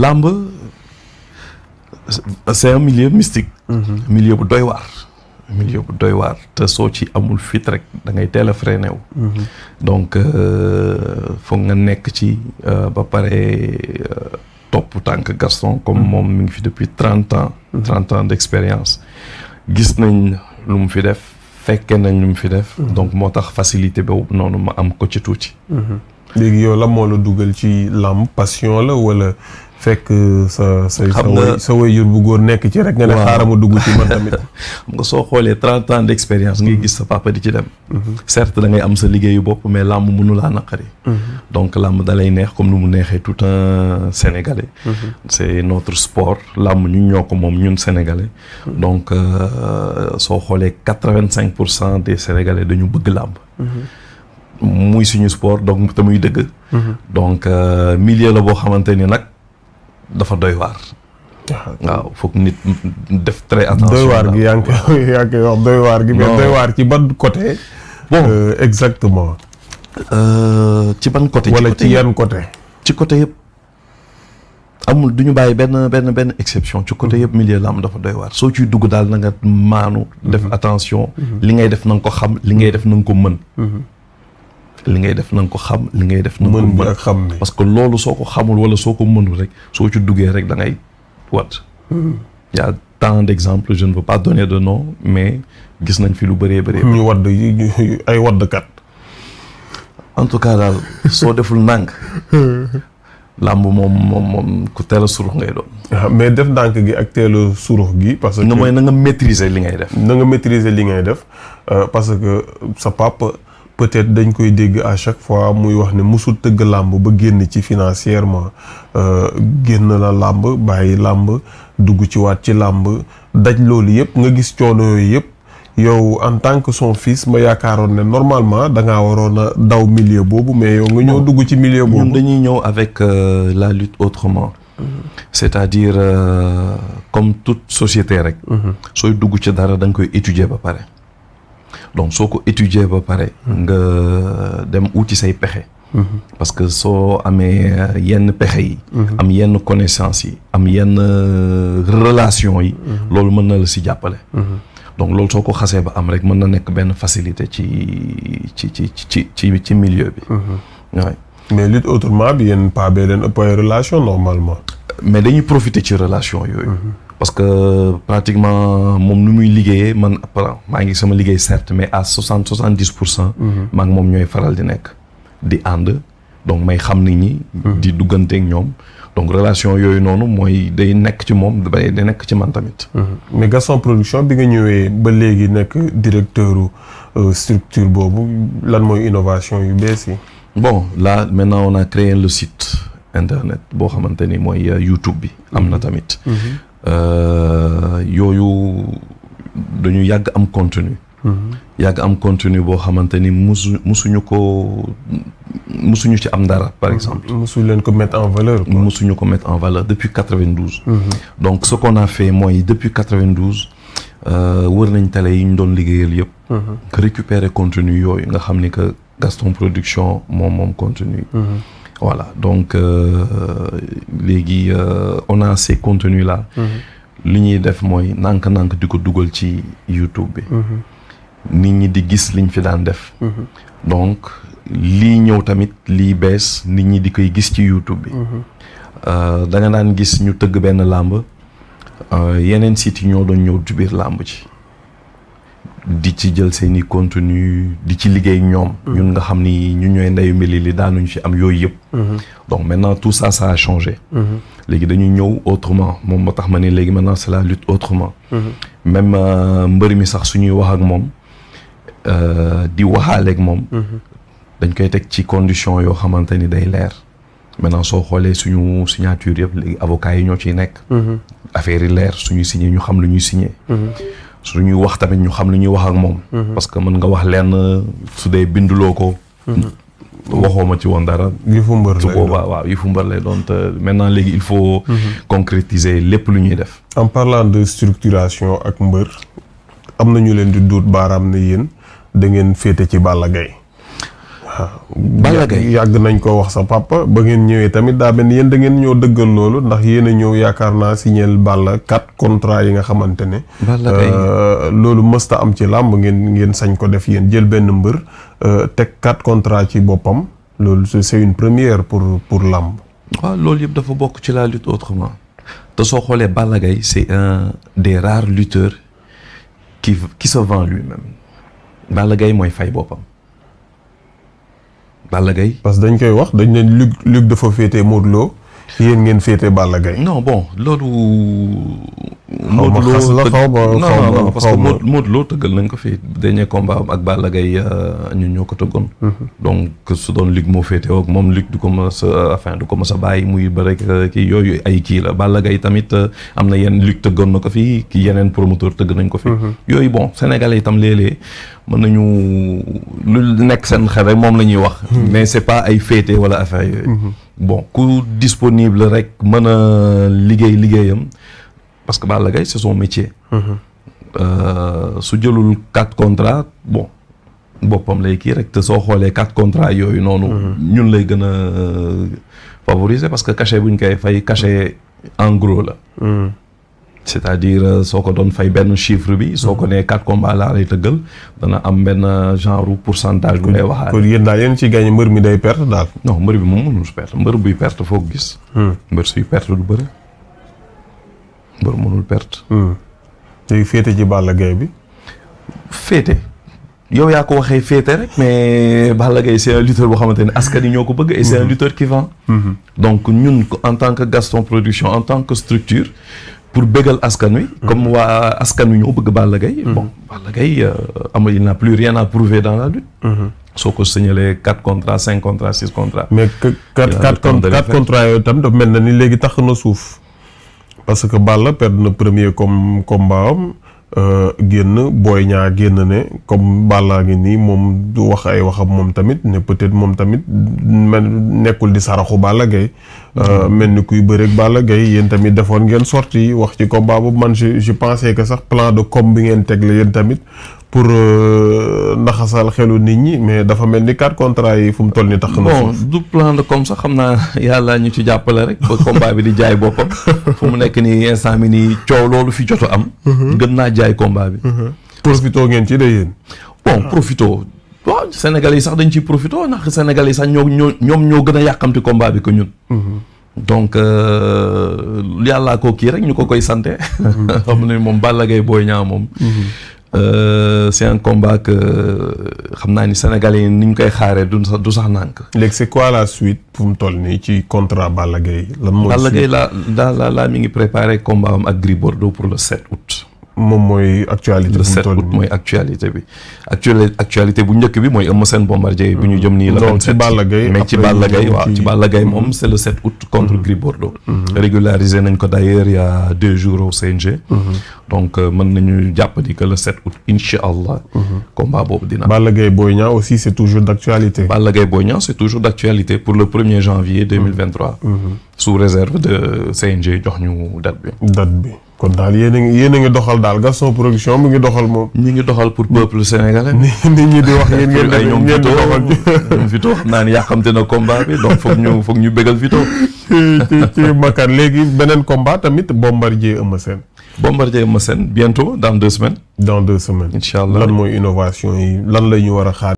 làmb c'est un milieu mystique. Mm-hmm. milieu bu doy waar. milieu bu doy te soo ci amul fit rek da ngay teel a freiné wu. Mm-hmm. donc euh, foog nga nekk ci euh, ba pare euh, topp tànk gaston comme mm-hmm. moom mu ngi fi depuis trente ans. trente ans d'expérience. gis nañ lu mu fi def fekke nañ lu mu fi def. donc moo tax facilité boobu noonu ma am ko ci tuuti. léegi yow lan moo la dugal ci làmb passion la wala fekk euh, sa sa sa waajur bu góor nekk ci rek nga ne xaaral ma dugg ci man xam nga soo xoolee trente ans expérience ngay gis sa papa ci dem mhm. certes da ngay am sa liggéeyu bopp mais làmb mënu laa naqari mhm. donc làmb da lay neex comme ni mu neexee tout un sénégalais mhm. c' notre sport làmb ñun ñoo ko moom ñun sénégalais donc euh, soo xoolee quatre vingt cinq pour cent des sénégalais dañu bëgg làmb muy suñu sport donc te muy dëgg. Mhm. donc euh, milieu la boo xamante ni nag dafa doy waar. Ah. waaw foog nit def très attention. doy waar gi yaa ngi koy yaa ngi euh, euh, ci ban côté. ci ban côté. wala ci yan côté. ci côté yëpp amul du ñu bàyyi benn benn benn exception ci côté mhm. yëpp milieu lamb dafa doy waar soo ciy dugg daal na nga maanu. def mhm. attention. li ngay def na ko xam li ngay def na ko mën. li ngay def na nga ko xam li ngay def. na ko mën ak xam ne parce que loolu soo ko xamul wala soo mënul rek soo ci duggee rek da ngay wat. Hmm. y a tant d'exemples je ne mais gis nañ fi lu bëree bëree. ñu wadd ay waddkat. en tout cas daal soo deful ndànk. làmb moom moom moom ku teel a surux ngay doon. Ah, mais def ndànk gi ak teel gi. parce que mooy na nga maîtriser li ngay def. na nga maîtriser li ngay def euh, parce que sa papa. peut-être dañ koy dégg à chaque fois muy wax ni musul tëgg làmb ba génn ci financièrement euh, génn la làmb bàyyi làmb dugg ci waat ci làmb daj loolu yëpp nga gis coono yooyu yëpp yow en tant que son fils ma yaakaaroon ne normalement da ngaa waroon a daw milieu boobu mais yow nga ñëw dugg ci milieu boobu. ñun dañuy ñëw avec euh, la lutte autrement. Mm-hmm. c'est-à-dire euh, comme toute société rek. Mm-hmm. sooy dugg ci dara da koy étudier ba pare. donc soo ko étudier ba pare nga dem uti say pexe parce que soo amee yenn pexe yi am yenn connaissance yi am yenn euh, relation yi loolu mën na la si jàppale donc loolu soo ko xasee ba am rek mën na nekk benn facilité ci ci ci ci ci ci milieu bi waay mais lutte autrement bi yéen pas bee leen ëpp ay relation normalement mais dañuy profiter ci relation yooyu parce que pratiquement moom nu muy liggéeyee man maa ngi sama liggéey certes mais à soixante soixante dix pour cent. Mhm. maa moom ñooy faral di nekk. di ànd donc may xam nit ñi. Mhm. di dugganteek ñoom. donc relation yooyu noonu mooy day nekk ci moom day nekk ci man tamit. Mhm. mais Gaston production bi nga ñëwee ba léegi nekk directeuru euh, structure boobu lan mooy innovation yu bees yi. bon là maintenant on a créé le site internet boo xamante ni mooy euh, YouTube bi am na tamit. Euh, yooyu dañu yàgg am contenu mm-hmm. yàgg am contenu boo xamante ni musu musuñu ko musuñu ci am dara par exemple mm-hmm. mu leen ko mettre en valeur musuñu ko mettre en valeur depuis quatre vingt mm-hmm. donc ce qu'on a fait mooy depuis quatre-vingt-douze euh, wër nañ télé yi ñu doon liggéeyal yëpp récupérer contenu yooyu nga xam ni que Gaston Production moom moom contenu voilà donc euh, léegi euh, on a ces contenus mm-hmm. li ñuy def mooy nànk-nànk di ko dugal ci YouTube bi. Mm-hmm. nit ñi di gis liñ fi daan def. Mm-hmm. donc lii ñëw tamit lii bees nit ñi di koy gis ci YouTube bi. Euh, da nga daan gis ñu tëgg benn làmb yeneen sites yi ñoo doon ñëw ci biir làmb ci di ci jël seen i contenu di ci liggéey ñoom. Mm. ñun nga xam ni ñu ñooy ndeyu mbili li ñu ci am yooyu yëpp. Mm-hmm. donc maintenant tout ça ça a mm-hmm. léegi dañu ñëw autrement moom moo tax ma ni léegi maintenant c'est la lutte autrement. Mm-hmm. même euh, mbër mi sax suñuy wax ak moom euh, di waxaaleeg moom. dañ koy teg ci condition yoo xamante ni day leer. maintenant soo xoolee suñu signature yëpp léegi avocats yi ñoo ciy nekk. affaire yi leer suñuy signé ñu xam lu ñu signé. suñuy wax tamit ñu xam li ñuy wax ak moom. Mhm. parce que mën nga wax lenn su dee binduloo ko. Mhm. waxoo ma ci woon dara. yëfu mbër lay doon waaw yëfu mbër lay doon te maintenant léegi il faut. Mhm. concrétiser lépp lu ñuy def. en parlant de structuration ak mbër am na ñu leen di duut baaraam ne yéen da ngeen féete ci Balla Gaye Balla Gaye yàgg nañ ko wax sa papa ba ngeen ñëwee tamit daa benn yéen da ngeen ñoo dëggal loolu ndax yéen a ñëw yaakaar naa signeel Balla quatre contrat yi nga xamante ne euh, loolu mosta am ci làmb ngeen ngeen sañ ko def yéen jël benn mbër euh, teg quatre contrat ci boppam loolu c'est une première pour pour làmb waaw loolu yëpp dafa bokk ci laa lutte autrement te soo xoolee Balla Gaye c'est un des rares lutteurs qui qui se vend lui-même Balla mooy fay boppam Balla parce que dañ koy wax dañ ne Luc Luc dafa féete Modou Lo yéen ngeen féete Balla Gaye non bon loolu Modou Lo xaw ma tëggal nañ ko fii dernier combat am ak Balla Gaye euh, ñun ñoo ko tëggoon. Mhm. donc su doon Luc moo féete ak moom Luc du ko ma a afin du ko mos a bàyyi muy bëri euh, kii yooyu ay kii la Balla Gaye tamit euh, am na yenn Luc tëggoon na ko fii ki yeneen promoteur tëgg nañ ko fi. Mhm. yooyu bon Sénégalais itam léeg-léeg mën nañu lu nekk seen xel rek moom la ñuy wax. Mhm. mais c'est pas ay féete wala affaire yooyu. bon ku disponible rek mën a liggéey liggéeyam. parce que Balla Gaye c'est son métier. Mhm. Euh, su jëlul quatre contrats bon boppam lay kii rek soo xoolee quatre contrats yooyu noonu. Mhm. ñun lay gën a euh, favoriser parce que cachet bu ñu koy fay cachet en la. Mhm. c'est-à-dire euh, soo ko doon fay benn chiffre bi. soo ko nee quatre combats laa lay tëggal dana am benn genre pourcentage. bu lay waxaat kon yéen ci gagné mbër mi day perte daal. mbër bi moom mënul perte mbër buy perte foo ko gis. Hmm. mbër suy perte du bëri. mbër mënul perte. Hmm. léegi féete ci Balla Gaye bi. féete yow yaa ko waxee féete rek mais Balla Gaye c'est un lutteur boo xamante ne askan yi ñoo ko bëgg. et c'est un hmm. lutteur qui vend. Hmm. donc ñun en tant que Gaston Production en tant que structure. pour bégal askan wi. comme waa askan wi ñoo bëgg Balla Gaye. bon Balla euh, ama il n'a plus rien à dans la lutte. soo ko signalee quatre contrats cinq contrats six contrats. mais quatre quatre contrats yooyu tam dafa mel na ni léegi tax suuf. parce que Balla perd na premier comme combat am euh, génn booy ñaa génn ne comme Balla ngi nii moom du wax ay waxam moom tamit ne peut-être moom tamit nekkul di saraxu Balla Gaye Euh, mel ni kuy bëreeg Balla Gaye yéen tamit defoon ngeen sorti wax ci combat boobu man je je sax plan de com bi ngeen teg la yéen tamit pour euh, naxasal xelu nit ñi mais dafa mel ni quatre contrat yi fu mu toll ni tax na bon du plan de com sax xam naa yàlla ñu ci jàppale rek ba combat bi di jaay boppam fu mu nekk nii instant mi ni coow loolu fi joto am mhm. gën naa jaay combat bi mhm. profito ngeen ci de yéen bon profito waaw Sénégalais yi sax dañ ci profité ndax Sénégalais yi sax ñoo ñoo ñoom ñoo gën a yàqamti combat bi ko ñun. donc euh, yàllaa ko kii rek ñu ko koy sante xam ne moom Balla Gaye Boy Niang moom. Euh, c'est un combat que xam naa ni Sénégalais yi ni ñu koy xaaree du sax du sax nànk. léegi c'est quoi la suite pour mu toll nii ci contrat Balla Gaye. lan mooy Balla Gaye la daal la mi ngi préparé combat am ak Gris Bordeaux pour le 7 août. moom mooy actualité. le 7 mooy actualité bi. actuel actualité bu njëkk bi mooy Eumeu Sène Bombardier bu ñu jëm nii. la non ci Balla Gaye mais ci Balla Gaye moom mm-hmm. c' est le 7 août contre mm-hmm. Gris Bordeaux. Mm-hmm. régularisé nañ ko d' ailleurs il deux jours au CNG. donc euh, mën nañu jàpp ni que le 7 in incha allah. combat boobu dina am. Balla Gaye Boy Niang aussi c' est toujours d' actualité. Balla Gaye Boy Niang toujours d' pour le 1er janvier 2023. sous réserve de CNG jox ñu date bi. date bi. kon daal yéen a ngi yéen a ngi doxal daal Gaston Production mu ngi doxal moom. ñi ngi doxal pour peuple sénégalais. nit ñi di wax yéen ngeen ñoom ngeen doxal ñoom Vito naan yàqamte na combat bi donc foog ñu foog ñu bégal Vito. ci ci Makar léegi beneen combat tamit Bombardier Eumeu Sène. Bombardier Eumeu Sène bientôt dans deux semaine dans deux semaines. incha allah lan mooy innovation yi lan la ñu war a xaar.